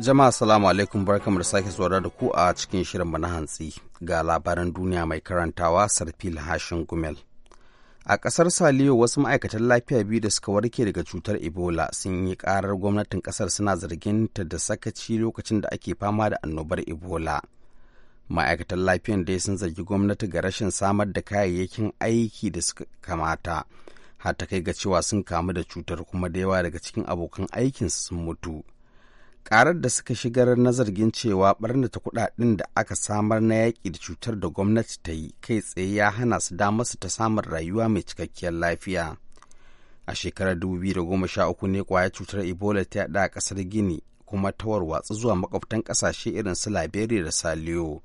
Jama'a salamu alaikum barkamu da sake saurara da ku a cikin shirin na hantsi ga labaran duniya mai karantawa Sarfil Hashin Gumel. A ƙasar Saliyo wasu ma'aikatan lafiya biyu da suka warke daga cutar Ebola sun yi ƙarar gwamnatin ƙasar suna zargin ta da sakaci lokacin da ake fama da annobar Ebola. Ma'aikatan lafiyan dai sun zargi gwamnati ga rashin samar da kayayyakin aiki da suka kamata. Har kai ga cewa sun kamu da cutar kuma da yawa daga cikin abokan aikinsu sun mutu. karar da suka shigar na zargin cewa barnata kudaden da aka samar na yaƙi da cutar da gwamnati ta yi kai tsaye ya hana su damar su ta samun rayuwa mai cikakkiyar lafiya a shekarar 2013 ne kwaya cutar ebola ta yada a kasar gini kuma ta warwatsu zuwa makwabtan kasashe irin su liberia da saliyo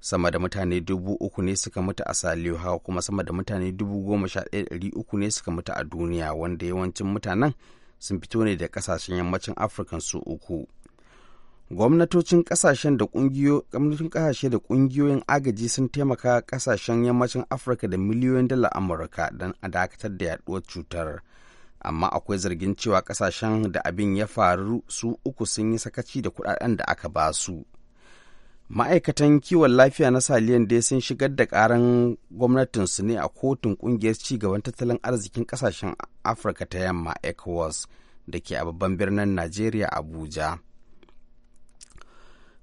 sama da mutane dubu uku ne suka mutu a saliyo haka kuma sama da mutane dubu goma sha ɗaya ɗari uku ne suka mutu a duniya wanda yawancin mutanen sun fito ne da kasashen yammacin afirka su uku gwamnatocin kasashen da kasashe da kungiyoyin agaji sun taimaka kasashen yammacin afirka da miliyoyin dala amurka don a dakatar da yaduwar cutar amma akwai zargin cewa kasashen da abin ya faru su uku sun yi sakaci da kudaden da aka ba su ma'aikatan kiwon lafiya na saliyan dai sun shigar da karan gwamnatinsu ne a kotun kungiyar cigaban tattalin arzikin kasashen afirka ta yamma ecowas da ke a babban birnin najeriya abuja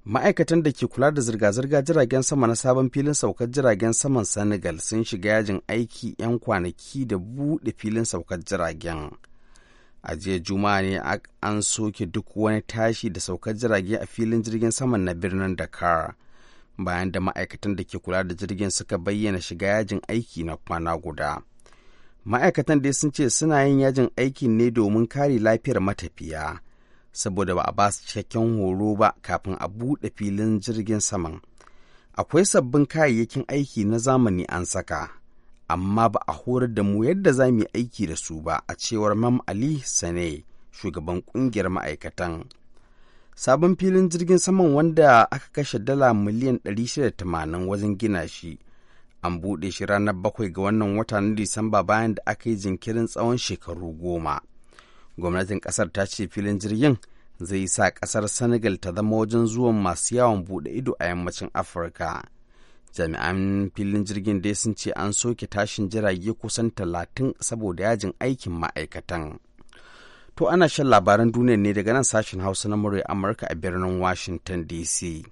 ma'aikatan da ke kula da zirga-zirga jiragen sama na sabon filin saukar jiragen saman senegal sun shiga yajin aiki 'yan kwanaki da buɗe filin saukar jiragen a jiya juma'a ne an soke duk wani tashi da saukar jirage a filin jirgin saman na birnin dakar bayan da ma'aikatan da ke kula da jirgin suka bayyana shiga yajin aiki na kwana guda ma'aikatan dai sun ce suna yin yajin aiki ne domin kare lafiyar matafiya saboda ba a ba su cikakken horo ba kafin a buɗe filin jirgin saman akwai sabbin kayayyakin aiki na zamani an saka amma ba a horar da mu yadda za mu yi aiki da su ba a cewar mam ali sane shugaban kungiyar ma'aikatan sabon filin jirgin saman wanda aka kashe dala miliyan 680 wajen gina shi an buɗe shi ranar bakwai ga wannan wata na disamba bayan da aka yi jinkirin tsawon shekaru goma gwamnatin ƙasar ta ce filin jirgin zai sa ƙasar senegal ta zama wajen zuwan masu yawon buɗe ido a yammacin afirka jami'an filin jirgin dai sun ce an soke tashin jirage kusan talatin saboda yajin aikin ma'aikatan to ana shan labaran duniya ne daga nan sashen hausa na murya amurka a birnin washington dc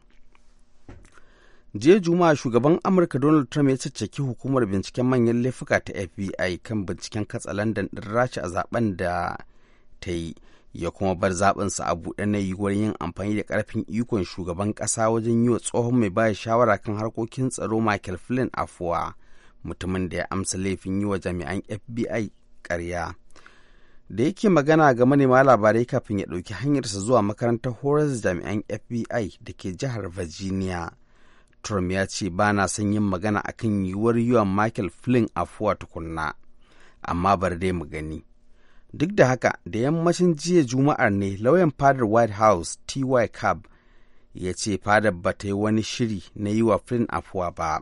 jiya juma'a shugaban amurka donald trump ya caccaki hukumar binciken manyan laifuka ta fbi kan binciken katsalandan ɗin rasha a zaben da ta yi ya kuma bar sa a buɗe na yiwuwar yin amfani da ƙarfin ikon shugaban ƙasa wajen yi wa tsohon mai baya shawara kan harkokin tsaro Michael Flynn afuwa mutumin da ya amsa laifin yi wa jami'an FBI ƙarya. Da yake magana ga manema labarai kafin ya ɗauki hanyarsa zuwa makarantar horar jami'an FBI da ke jihar Virginia. Trump ya ce ba na son yin magana akan yiwuwar yiwa Michael Flynn afuwa tukunna, amma bar dai mu gani. Duk da haka, da yammacin jiya Juma'ar ne lauyan fadar White House T.Y. Cobb ya ce fadar ba ta yi wani shiri na yi wa Flynn afuwa ba.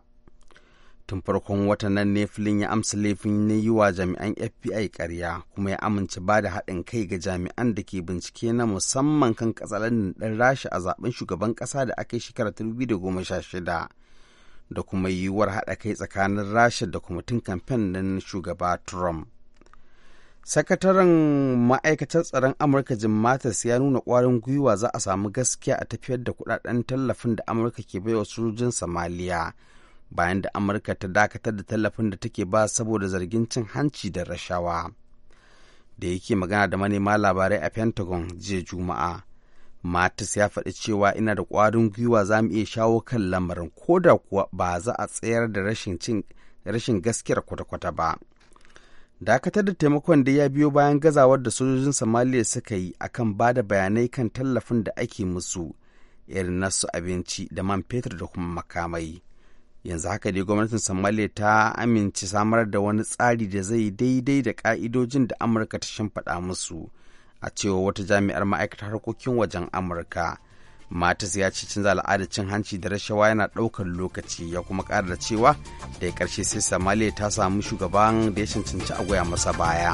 Tun farkon watan nan ne Flynn ya amsa laifin na yi wa jami'an FBI karya kuma ya amince ba da haɗin kai ga jami'an da ke bincike na musamman kan katsalandin ɗan rasha a zaben shugaban ƙasa da aka yi shekarar 2016 da kuma yiwuwar haɗa kai tsakanin rasha da kwamitin kamfen na shugaba Trump. sakataren ma'aikatar tsaron amurka jim mathis ya nuna kwarin gwiwa za a samu gaskiya a tafiyar da kudaden tallafin da amurka ke baiwa sojojin somaliya bayan da amurka ta dakatar da tallafin da take ba saboda zargin cin hanci da rashawa da yake magana da manema labarai a pentagon jiya juma'a matis ya faɗi cewa ina da kwarin gwiwa za mu iya shawo kan lamarin ko da kuwa ba za a tsayar da rashin gaskiyar kwata-kwata ba dakatar da taimakon da ya biyo bayan gazawar da sojojin somaliya suka yi akan ba da bayanai kan tallafin da ake musu irin nasu abinci da man fetur da kuma makamai yanzu haka dai gwamnatin somaliya ta amince samar da wani tsari da zai daidai da ka'idojin da amurka ta shimfiɗa musu a cewa wata jami'ar ma'aikatar harkokin wajen amurka mata ya ci canza al'adar cin hanci da rashawa yana ɗaukar lokaci ya kuma ƙara da cewa da ƙarshe sai samaliya ta samu shugaban da ya cancanci a goya masa baya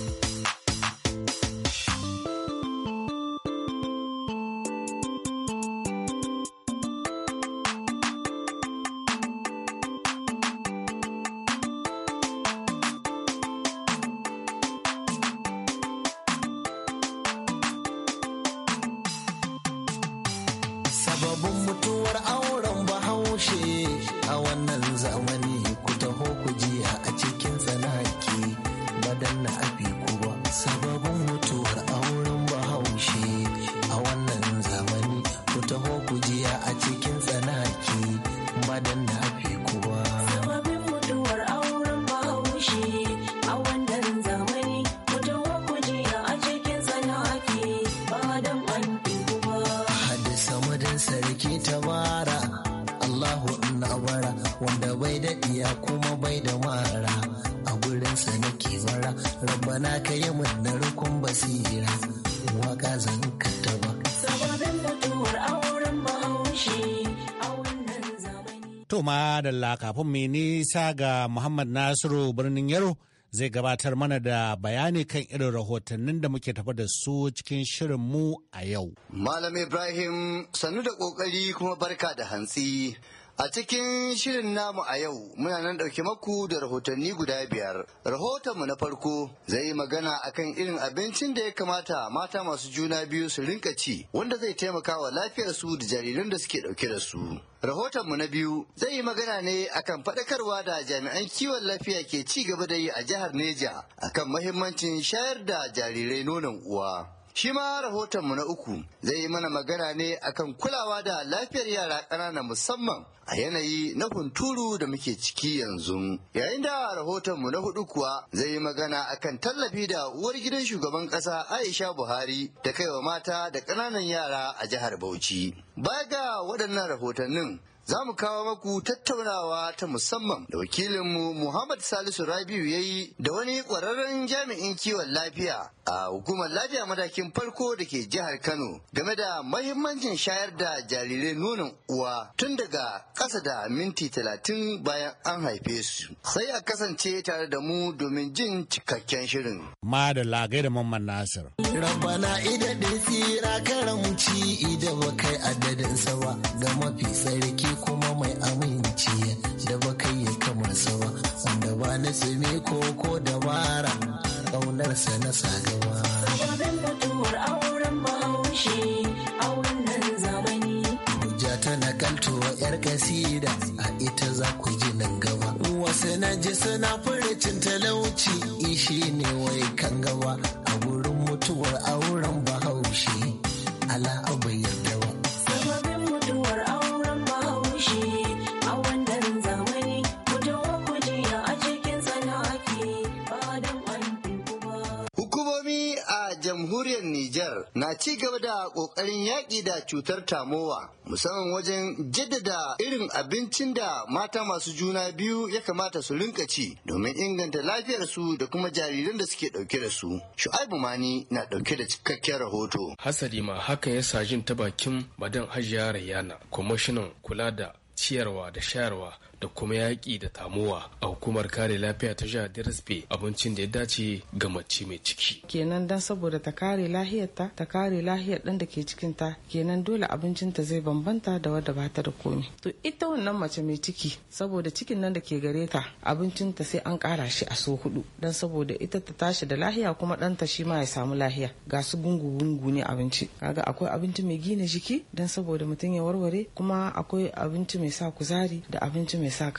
kabara wanda bai da iya kuma bai da mara a gurinsa nake bara rabbana ka yi min da rukun basira waka zan ka taba To ma da kafin mai nisa ga Muhammad Nasiru birnin Yaro zai gabatar mana da bayani kan irin rahotannin da muke tafa da su cikin shirin mu a yau. Malam Ibrahim sannu da ƙoƙari kuma barka da hantsi. A cikin shirin namu a yau muna nan ɗauke maku da rahotanni guda biyar. Rahotonmu na farko zai yi magana akan irin abincin da ya kamata mata masu juna biyu su rinka ci wanda zai taimaka wa lafiyarsu da jariran da suke ɗauke da su. Rahotonmu na biyu zai yi magana ne akan faɗakarwa da jami'an kiwon lafiya ke ci gaba da yi a jihar Neja akan mahimmancin shayar da jarirai nonon uwa. Shi ma rahotonmu na uku zai yi mana magana ne akan kulawa da lafiyar yara ƙanana musamman a yanayi na hunturu da muke ciki yanzu. Yayin da rahotonmu na hudu kuwa zai yi magana akan tallafi da uwar gidan shugaban ƙasa Aisha Buhari da kaiwa mata da ƙananan yara a jihar Bauchi. Baya ga waɗannan rahotannin za mu kawo maku tattaunawa ta musamman da wakilinmu Muhammad Salisu Rabiu ya yi da wani ƙwararren jami'in kiwon lafiya a hukumar lafiya matakin farko da ke jihar Kano game da mahimmancin shayar da jarirai nonon uwa tun daga ƙasa da minti talatin bayan an haife su. Sai a kasance tare da mu domin jin cikakken shirin. Ma da lagai da Mamman Nasir. Rabbana idadin tsira karamci idan ba kai adadin sawa ga mafi tsarki kuma mai aminci da kai ya kamar ba wanda ba na tsimi ko ko dabara ƙaunarsa na sagaba. Sababin mutuwar auren bahaushe a wannan zamani. Hujja ta nakaltowa 'yar kasida a ita za ku ji nan gaba. Wasu na ji suna furucin talauci ishi ne wai kan gaba a gurin mutuwar auren bahaushe ala abayyan na ci gaba da ƙoƙarin yaƙi da cutar tamowa musamman wajen jaddada irin abincin da mata masu juna biyu ya kamata su rinka ci domin inganta lafiyarsu da kuma jariran da suke ɗauke da su. Shu'aibu Mani na ɗauke da cikakken rahoto. Hasali ma hakan ya sajin ta bakin Badan Hajiya Rayana, kwamishinan kula da ciyarwa da shayarwa da kuma yaƙi da tamuwa a hukumar kare lafiya ta jihar Dirisbe abincin da ya dace ga mace mai ciki. Kenan dan saboda ta kare lahiyarta ta kare lahiyar ɗan da ke cikin ta kenan dole abincin ta zai bambanta da wadda ba ta da komai To ita wannan mace mai ciki saboda cikin nan da ke gare ta abincinta sai an ƙara shi a so hudu dan saboda ita ta tashi da lahiya kuma ta shi ma ya samu lahiya ga su gungu-gungu ne abinci kaga akwai abinci mai gina jiki dan saboda mutum ya warware kuma akwai abinci mai sa kuzari da abinci mai sa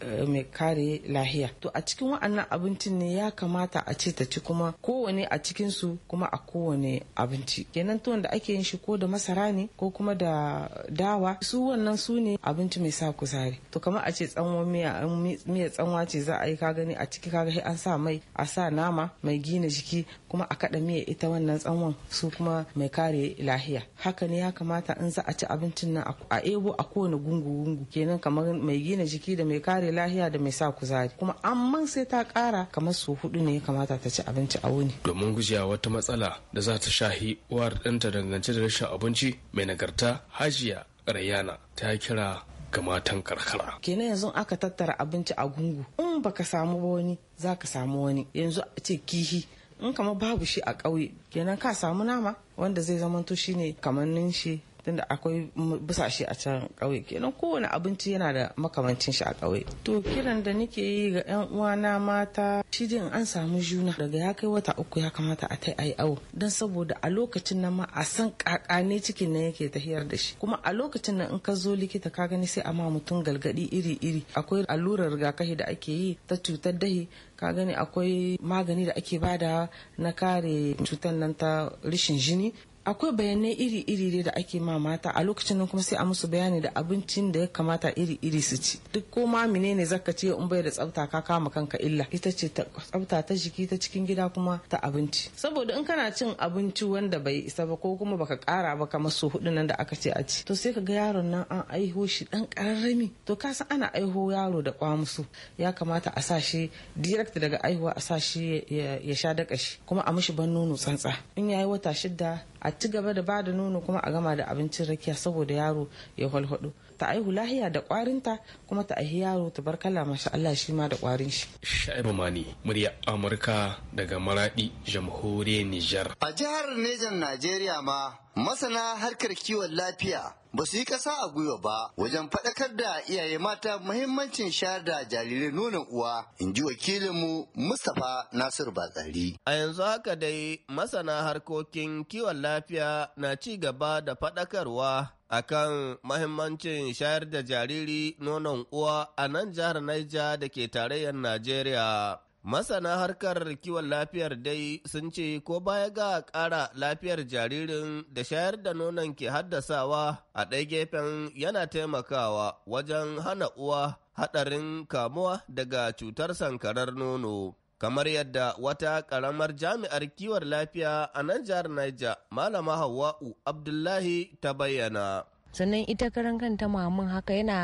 eh, mai kare lahiya to a cikin wa'annan abincin ne ya kamata a ce ta ci kuma kowane a cikin su kuma a kowane abinci kenan tuwon da ake yin shi ko da masara ne ko kuma da dawa su wannan su ne abinci mai sa kuzari to kamar a ce tsanwa miya miya tsanwa ce za a yi ka gani a ciki ka an sa mai a sa nama mai gina jiki kuma a kada miya ita wannan tsanwan su kuma mai kare lahiya haka ne ya kamata in za a ci abincin nan a ebo a kowane gungu gungu kenan kamar mai gina jiki jiki da mai kare lahiya da mai sa kuzari kuma amma sai ta kara kamar su hudu ne ya kamata ta ci abinci a wuni domin gujewa wata matsala da za ta shahi uwar danta dangance da rashin abinci mai nagarta hajiya rayana ta kira ga matan karkara kenan yanzu aka tattara abinci a gungu in baka samu wani za ka samu wani yanzu a ce kihi in kama babu shi a ƙauye kenan ka samu nama wanda zai zamanto shine kamannin shi tunda akwai busashe a can kauye kenan kowane abinci yana da makamancin shi a kauye. to kiran da nike yi ga yan uwana mata shi din an samu juna daga ya kai wata uku ya kamata a tai ayi awo don saboda a lokacin nan ma a san kakane cikin nan yake tahiyar da shi kuma a lokacin nan in ka zo likita ka gani sai a ma mutum galgadi iri iri akwai allurar rigakafi da ake yi ta cutar dahi ka gani akwai magani da ake bada na kare cutar nan ta rishin jini akwai bayanai iri-iri da ake ma mata a lokacin nan kuma sai a musu bayani da abincin da ya kamata iri-iri su ci duk ko ma menene zaka ce in bai da tsafta ka kama kanka illa ita ce tsafta ta jiki ta cikin gida kuma ta abinci saboda in kana cin abinci wanda bai isa ba ko kuma baka kara ba kamar so hudu nan da aka ce a ci to sai ka ga yaron nan an aiho shi dan kararrami to ka san ana aiho yaro da kwamusu ya kamata a sa shi direct daga aihuwa a sa shi ya sha daka shi kuma a mishi ban nono tsantsa in yayi wata shida a ci gaba da ba da nono kuma a gama da abincin rakiya saboda yaro ya kwalkwado ta aihu lahiya da kwarinta kuma ta aihi yaro ta bar kala masha Allah shi ma da kwarin shi. Sha'ibu Mani murya Amurka daga Maradi jamhuriyar Nijar. A jihar Nijar Najeriya ma masana harkar kiwon lafiya ba su yi ƙasa a gwiwa ba wajen faɗakar da iyaye mata muhimmancin shayar da jarirai nonon uwa in ji wakilinmu mustapha Nasiru batsari a yanzu haka dai masana harkokin kiwon lafiya na ci gaba da faɗakarwa akan mahimmancin shayar da jariri nonon uwa a nan jihar Naija da ke tarayyar Najeriya. Masana harkar kiwon lafiyar dai sun ce ko baya ga ƙara lafiyar jaririn da shayar da nonon ke haddasawa a ɗai gefen yana taimakawa wajen hana uwa haɗarin kamuwa daga cutar sankarar nono. kamar yadda wata ƙaramar jami'ar kiwon lafiya a nan jihar Niger, Malama Hawwa'u Abdullahi ta bayyana. Sannan ita karan kanta mamun haka yana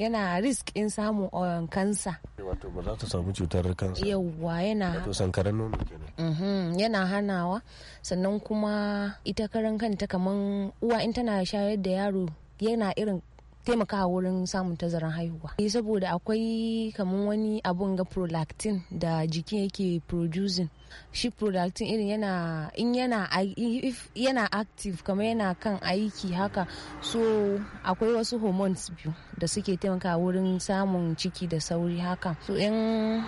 yana risk in samun oyon um, kansa. Wato ba za ta samu cutar kansa. Yawwa yana. Wato sankaran nono kenan. Mhm, yana hanawa sannan kuma ita karan kanta kaman uwa in tana shayar da yaro yana irin taimakawa wurin samun tazaran haihuwa eh, saboda akwai kamar wani abun ga prolactin da jiki yake producing shi prolactin irin yana in yana yana active kamar yana kan aiki haka so akwai wasu hormones biyu da suke taimakawa wurin samun ciki da sauri haka so in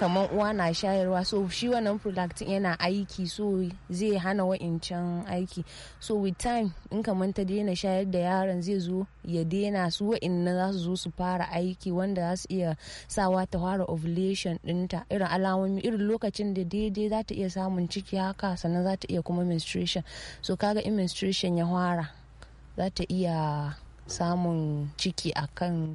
kamar uwa na shayarwa so shi wannan prolactin yana aiki so zai hana wa'incan aiki so with time in kamar ta daina shayar da yaron zai zo ya daina su wa'innan za su zo su fara aiki wanda za su iya sawa ta fara ovulation dinta irin alamomi irin lokacin da daidai za ta iya samun ciki haka sannan za ta iya kuma menstruation so kaga in menstruation ya fara za ta iya samun ciki akan kan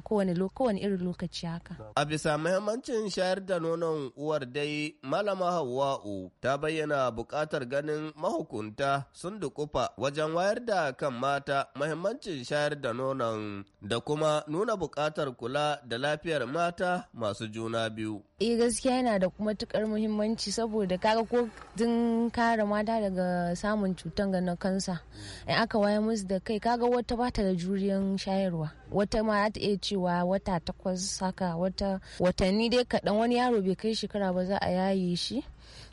kowane irin lokaci haka. A bisa mahimmancin shayar da nonon uwar dai malama Hawwa'u ta bayyana buƙatar ganin mahukunta sun dukufa wajen wayar da kan mata mahimmancin shayar da nonon da kuma nuna buƙatar kula da lafiyar mata masu juna biyu. eh gaskiya yana da matukar muhimmanci saboda kaga ko din kare mata daga samun cutar ga na kansa in aka waye musu da kai kaga wata bata da juriyan shayarwa wata ma ta iya cewa wata takwas saka wata watanni dai kaɗan wani yaro bai kai shekara ba za a yaye shi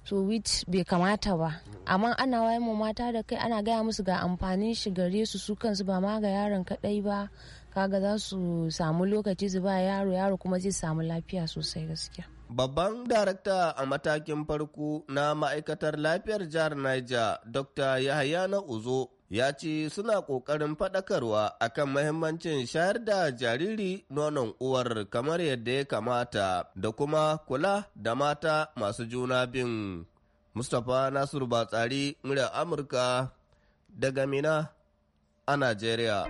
so which bai kamata ba amma ana waye mu mata da kai ana gaya musu ga amfanin shi gare su su kansu ba ma ga yaron kaɗai ba kaga za su samu lokaci su yaro yaro kuma zai samu lafiya sosai gaskiya Babban darakta a matakin farko na ma'aikatar lafiyar jihar Niger, Dr. Yahaya na Uzo, ya ce suna ƙoƙarin faɗakarwa kan mahimmancin shayar da jariri nonon uwar kamar yadda ya kamata da kuma kula da mata masu juna bin. Mustapha Nasiru Batsari, muryar Amurka, daga Mina a Najeriya.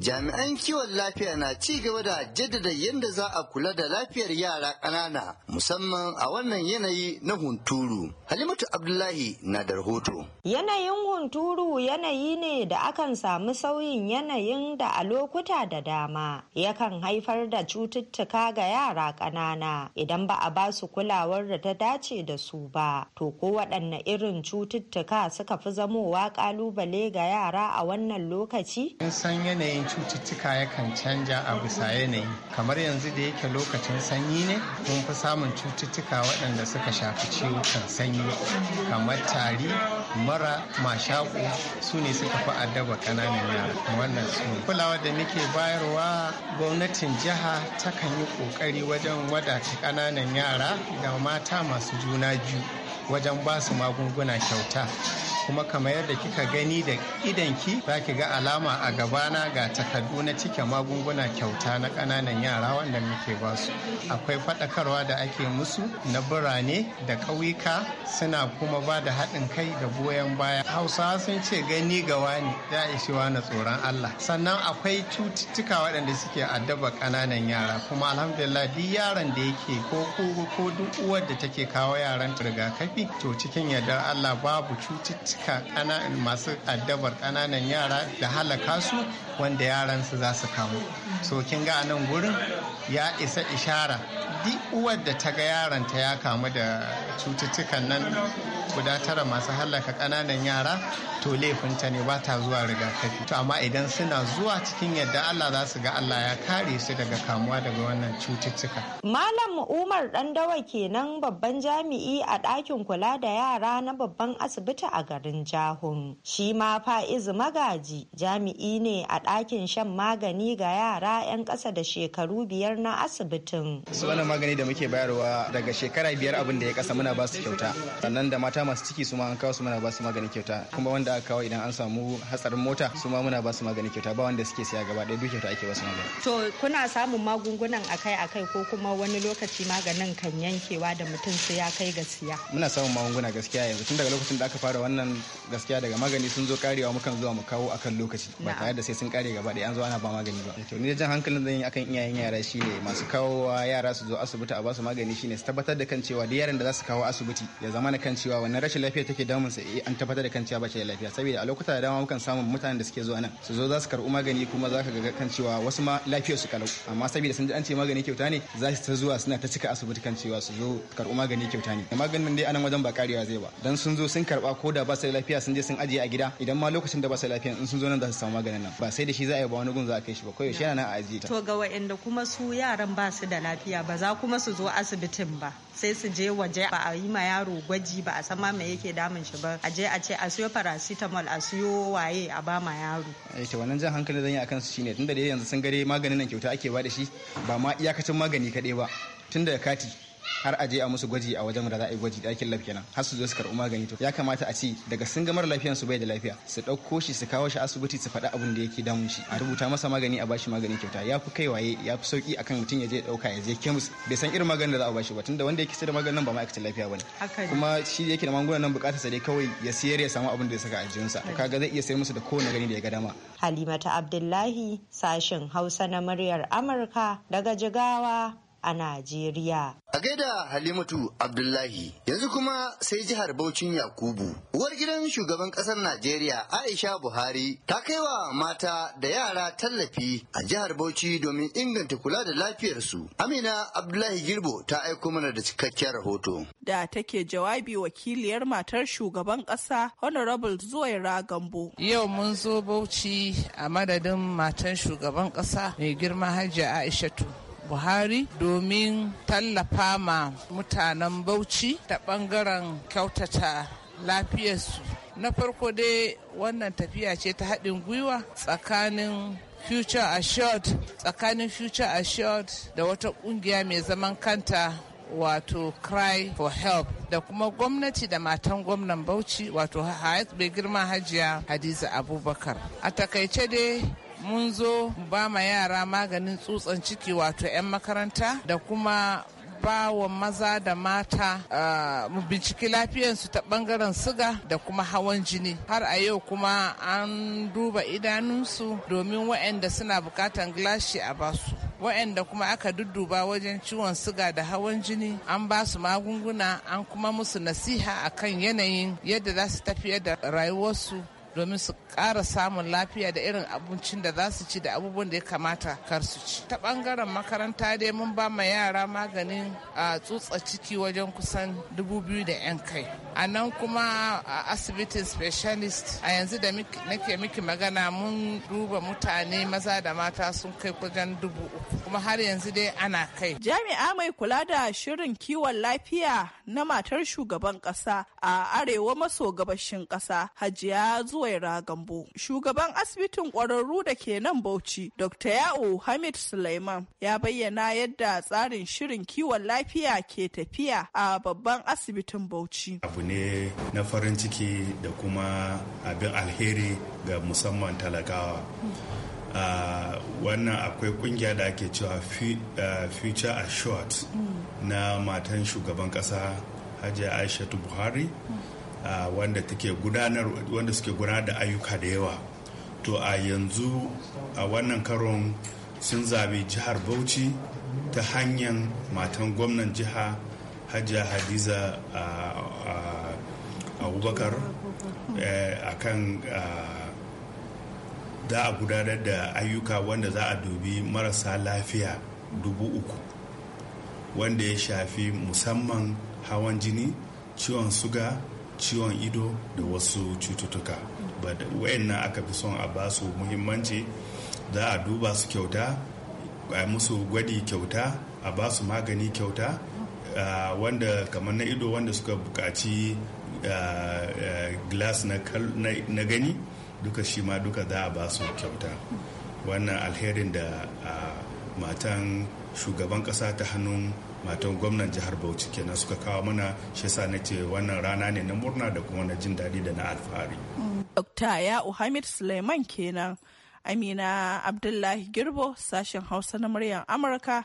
jami'an kiwon lafiya na ci gaba da jaddada yadda za a kula da lafiyar yara ƙanana musamman a wannan yanayi na hunturu halimatu abdullahi na da rahoto yanayin hunturu yanayi ne da akan samu sauyin yanayin da a lokuta da dama yakan haifar da cututtuka ga yara ƙanana idan ba a ba su kulawar da ta dace da su ba to ko waɗanne irin cututtuka suka fi zamowa ƙalubale ga yara a wannan lokaci cututtuka yakan canja a bisa yanayi kamar yanzu da yake lokacin sanyi ne kun fi samun cututtuka waɗanda suka shafi ciwukan sanyi kamar tari mara mashaƙo su ne suka fi addaba ƙananan yara wannan su kulawa da muke bayarwa gwamnatin jiha takan yi ƙoƙari wajen wadata ƙananan yara da mata masu juna biyu wajen ba su magunguna kyauta kuma kamar yadda kika gani da idanki za ki ga alama a gabana ga takardu na cike magunguna kyauta na ƙananan yara wanda muke ba su akwai faɗakarwa da ake musu na birane da ƙauyuka suna kuma ba da haɗin kai da goyon baya hausawa sun ce gani ga wani ya ishi wani tsoron allah sannan akwai cututtuka waɗanda suke addaba ƙananan yara kuma alhamdulillah duk yaran da yake ko ko duk uwar da take kawo yaran rigakafi to cikin yardar allah babu cututtuka kan masu addabar kananan yara da halaka su wanda yaran su za su kamu so kin ga anan gurin ya isa ishara duk uwar da ta ga yaranta ya kamu da cututtukan nan guda tara masu hallaka kananan yara to laifinta ne ba ta zuwa rigakafi to amma idan suna zuwa cikin yadda Allah za su ga Allah ya kare su daga kamuwa daga wannan cututtuka malam Umar dawa kenan babban jami'i a ɗakin kula da yara na babban asibiti a garin Jahun shi ma Fa'izu Magaji jami'i ne a ɗakin shan magani ga yara 'yan ƙasa da shekaru biyar na asibitin su magani da muke bayarwa daga shekara biyar abin da ya kasa muna muna ba su kyauta sannan da mata masu ciki su ma an kawo su muna ba su magani kyauta kuma wanda aka kawo idan an samu hatsarin mota su ma muna ba su magani kyauta ba wanda suke siya gaba ɗaya duk kyauta ake ba su magani. to kuna samun magungunan akai-akai ko kuma wani lokaci maganin kan yankewa da mutum sai ya kai ga siya. muna samun magunguna gaskiya yanzu tun daga lokacin da aka fara wannan gaskiya daga magani sun zo karewa mukan zuwa mu kawo akan lokaci ba tare da sai sun kare gaba ɗaya an zo ana ba magani ba. to ni da jan hankalin zan yi akan iyayen yara shine masu kawowa yara su zo asibiti a ba su magani shine su tabbatar da kan cewa da yaran da za su kawo asibiti ya zama na kan cewa wannan rashin lafiya take damun sa eh, an tabbatar da kan cewa ba shi da lafiya saboda a lokuta da dama mukan samun mutanen da suke zuwa nan su zo za su karɓi magani kuma za ka ga kan cewa wasu ma lafiyar su kalau amma saboda sun ji an ce magani kyauta ne za su ta zuwa suna ta cika asibiti kan cewa su zo karɓi magani kyauta ne maganin dai anan wajen ba karewa zai ba dan sun zo sun karɓa ko da ba su da lafiya sun je sun ajiye a gida idan ma lokacin da ba su da lafiya in sun zo nan za su samu maganin nan ba sai da shi za a yi ba wani gun za a kai shi ba koyaushe yana nan a ajiye to ga wa'anda kuma su yaran ba su da lafiya ba za kuma su zo asibitin ba sai su je waje ba a yi ma yaro gwaji ba a sama mai yake damun shi ba a je a ce a siyo paracetamol a siyo waye a ba ma yaro ita eh, wannan jan hankali zan yi akan su shine tunda da yanzu sun gare maganin nan kyauta ake ba da shi ba ma iyakacin magani kaɗai ba tunda da kati har a je a musu gwaji a wajen da za a yi gwaji ɗakin lafiya nan har su zo su karɓi magani to ya kamata a ce daga sun gamar lafiyan su bai da lafiya su ɗauko shi su kawo shi asibiti su faɗi abin da yake damun shi a rubuta masa magani a bashi magani kyauta ya fi kai waye ya fi sauki akan mutum ya je ɗauka ya je kemis bai san irin maganin da za a bashi ba tunda wanda yake sai da maganin ba ma'aikacin lafiya bane kuma shi yake da magungunan nan bukatarsa dai kawai ya siyar ya samu abin da ya saka a jinsa kaga zai iya sayar musu da kowane gani da ya ga dama Halima ta Abdullahi sashin Hausa na muryar Amurka daga Jigawa a Najeriya. A gaida Halimatu Abdullahi yanzu kuma sai jihar Bauchin Yakubu. Uwar gidan shugaban ƙasar Najeriya Aisha Buhari ta kaiwa mata da yara tallafi a jihar Bauchi domin inganta kula da lafiyarsu. Amina Abdullahi Girbo ta aiko mana da cikakkiyar rahoto. Da take jawabi wakiliyar matar shugaban ƙasa Honorable Zuwaira Ragambo. Yau mun zo Bauchi a madadin matan shugaban ƙasa mai girma Hajiya Aishatu. buhari domin tallafa ma mutanen bauchi ta bangaren kyautata lafiyarsu na farko dai wannan tafiya ce ta haɗin gwiwa tsakanin future assured tsakanin future assured da wata ƙungiya mai zaman kanta wato cry for help da kuma gwamnati da matan gwamnan bauchi wato hayat mai girma hajiya hadiza abubakar a takaice dai mun zo ba ma yara maganin tsutsan ciki wato 'yan makaranta da kuma ba wa maza da mata ah, mu binciki lafiyansu ta bangaren siga da kuma hawan jini har a yau kuma an duba idanunsu domin waɗanda suna bukatan gilashi a basu waɗanda kuma aka dudduba wajen ciwon siga da hawan jini an ba su magunguna an kuma musu nasiha akan yanayin yadda za su tafiyar da rayuwarsu domin su ƙara samun lafiya da irin abincin da za su ci da abubuwan da ya kamata kar su ci ta ɓangaren makaranta dai mun ba ma yara maganin a ah, tsutsa ciki wajen kusan dubu biyu da 'yan kai a nan kuma a asibitin specialist a yanzu da nake miki magana mun duba mutane maza da mata sun kai kudan dubu uku kuma har yanzu dai ana kai jami'a mai kula da shirin kiwon lafiya na matar shugaban kasa a arewa maso gabashin kasa hajiya zuwa ragambo shugaban asibitin kwararru da ke nan bauchi dr ya'u hamid suleiman ya bayyana yadda tsarin shirin kiwon lafiya ke tafiya a babban asibitin bauchi abu ne na farin ciki da kuma abin alheri ga musamman talakawa wannan akwai kungiya da ake cewa future assured na matan shugaban kasa hajji aishatu buhari wanda suke gudanar da ayyuka da yawa to a yanzu a wannan karon sun zabi jihar bauchi ta hanyar matan gwamnan jiha hajiya hadiza abubakar eh, a kan za a gudanar da ayyuka wanda za a dubi marasa lafiya dubu uku wanda ya shafi musamman hawan jini ciwon suga ciwon ido da wasu cututtuka wayannan aka fi son a ba su muhimmanci za a duba su kyauta a musu gwadi kyauta a ba su magani kyauta Uh, wanda kamar na ido wanda suka bukaci uh, uh, glass na gani duka shi ma duka za a ba su kyauta wannan alherin da matan shugaban kasa ta hannun matan gwamnan jihar bauchi kenan suka kawo mana shi sa na ce wannan rana ne na murna da kuma na jin daɗi da na alfahari. Dokta ya Uhamid Suleiman kenan Amina Abdullahi Girbo sashen Hausa na muryar Amurka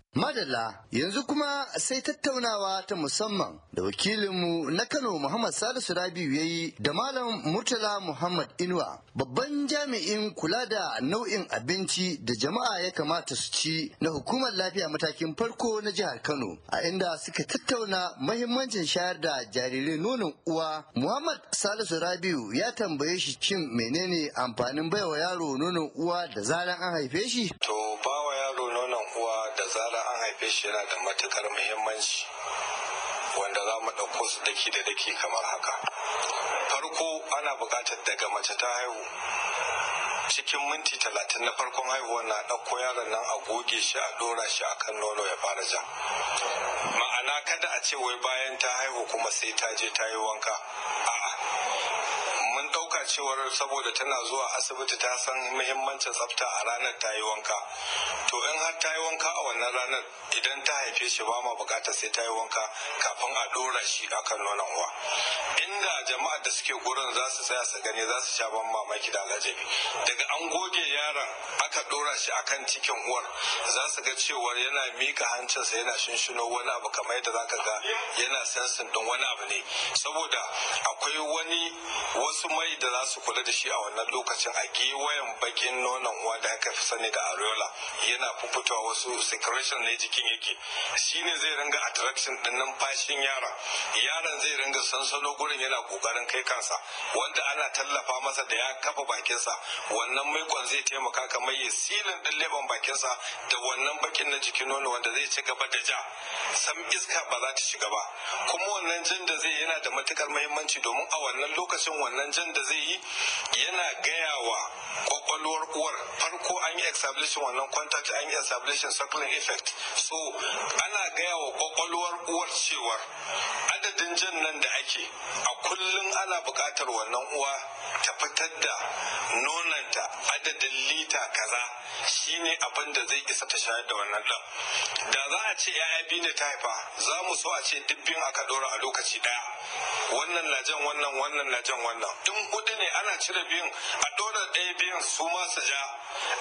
Madalla yanzu kuma sai tattaunawa ta musamman da wakilinmu na Kano Muhammad Salisu Rabiu ya yi da Malam Murtala Muhammad Inuwa babban jami'in kula da nau'in abinci da jama'a ya kamata su ci na hukumar lafiya matakin farko na jihar Kano a inda suka tattauna mahimmancin shayar da jarirai nonon uwa Muhammad Salisu Rabiu ya tambaye shi cin menene amfanin baiwa yaro nonon uwa da zaran an haife shi to bawa yaro nonon uwa da zaran idan an haife shi yana da matukar muhimmanci wanda za mu ɗauko su daki da daki kamar haka farko ana buƙatar daga mace ta haihu cikin minti talatin na farkon haihuwar na ɗauko yaron nan a goge shi a ɗora shi a kan nono ya fara ja ma'ana kada a ce wai bayan ta haihu kuma sai ta je ta yi wanka cewar saboda tana zuwa asibiti ta san muhimmancin tsafta a ranar ta yi wanka to in har ta yi wanka a wannan ranar idan ta haife shi ba ma bukatar sai ta yi wanka kafin a dora shi akan nonon uwa inda jama'a da suke gurin za su tsaya su gani za su sha ban mamaki da alajabi daga an goge yaron aka dora shi akan cikin uwar za su ga cewar yana mika hancinsa yana shinshino wani abu kamar yadda za ka ga yana sansin din wani abu ne saboda akwai wani wasu mai da za su kula da shi a wannan lokacin a gewayen bakin nonon uwa da aka fi sani da areola yana fufutawa wasu secretion ne jikin yake shine zai ringa attraction din fashin yara, yaran zai ringa sansano gurin yana kokarin kai kansa wanda ana tallafa masa da ya kafa bakinsa wannan maikon zai taimaka kamar ya silin din leban bakinsa da wannan bakin na jikin nono wanda zai ci gaba da ja sam iska ba za ta shiga ba kuma wannan jin da zai yana da matukar muhimmanci domin a wannan lokacin wannan jin da zai yi yana gaya wa kwakwalwar uwar farko an yi establishing wannan contact an yi establishing circling effect so ana gaya wa kwakwalwar uwar cewa adadin jan nan da ake a kullum ana buƙatar wannan uwa ta fitar da nonanta adadin lita kaza shine abin da zai isa ta shayar da wannan dan da za a ce 'ya'ya biyu ne ta haifa za mu so a ce dubbin aka ɗora a lokaci ɗaya wannan na jan wannan wannan na jan wannan tun kuɗi ne ana cire biyun a dora ɗaya biyun su ma ja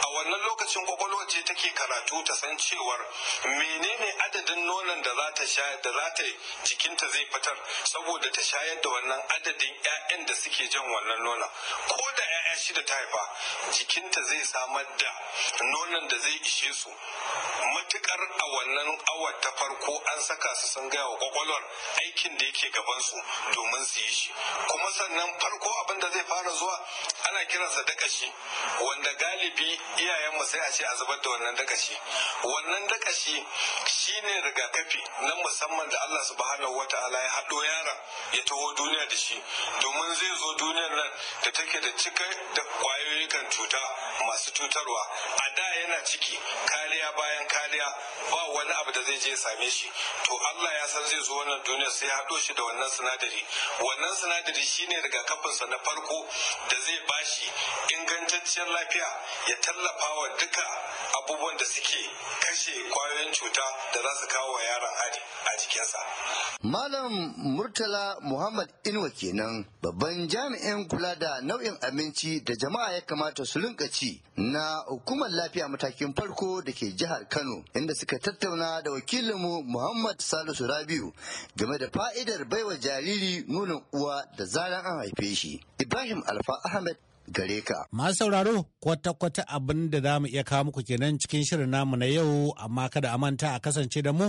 a wannan lokacin kwakwalwa ce take karatu ta san cewar menene adadin nonon da za ta sha da za ta jikinta zai fitar saboda ta shayar da wannan adadin 'ya'yan da suke jan wannan nonon ko da 'ya'ya shida ta haifa jikinta zai samar da nonon da zai ishe su matukar a wannan awar ta farko an saka su sun gaya wa kwakwalwar aikin da yake gabansu domin su yi shi kuma sannan farko abin da zai fara zuwa ana kiransa dakashi wanda galibi iyayenmu sai a ce a zubar da wannan dakashi wannan dakashi shine rigakafi na musamman da Allah subhanahu wataala ya haɗo yara ya taho duniya da shi domin zai zo duniyar nan da take da cika da kwayoyin cuta masu cutarwa a da yana ciki kariya bayan kariya ba wani abu da zai je same shi to Allah ya san zai zo wannan duniya sai ya haɗo shi da wannan sinadari wannan sinadari shine rigakafinsa na farko da zai bashi ingantacciyar lafiya ya tallafa wa duka abubuwan da suke kashe kwayoyin cuta da za su kawo wa yaron hari a jikinsa. Malam Murtala Muhammad Inwa kenan babban jami'in kula da nau'in abinci da jama'a ya kamata su rinka ci na hukumar lafiya matakin farko da ke jihar Kano inda suka tattauna da wakilinmu Muhammad Salisu Rabiu game da fa'idar baiwa jariri nunin uwa da zaran an haife shi. Ibrahim Alfa Ahmed gare ka. Masu sauraro kwata-kwata abin da za mu iya kawo muku kenan cikin shirin namu na yau amma kada a manta a kasance da mu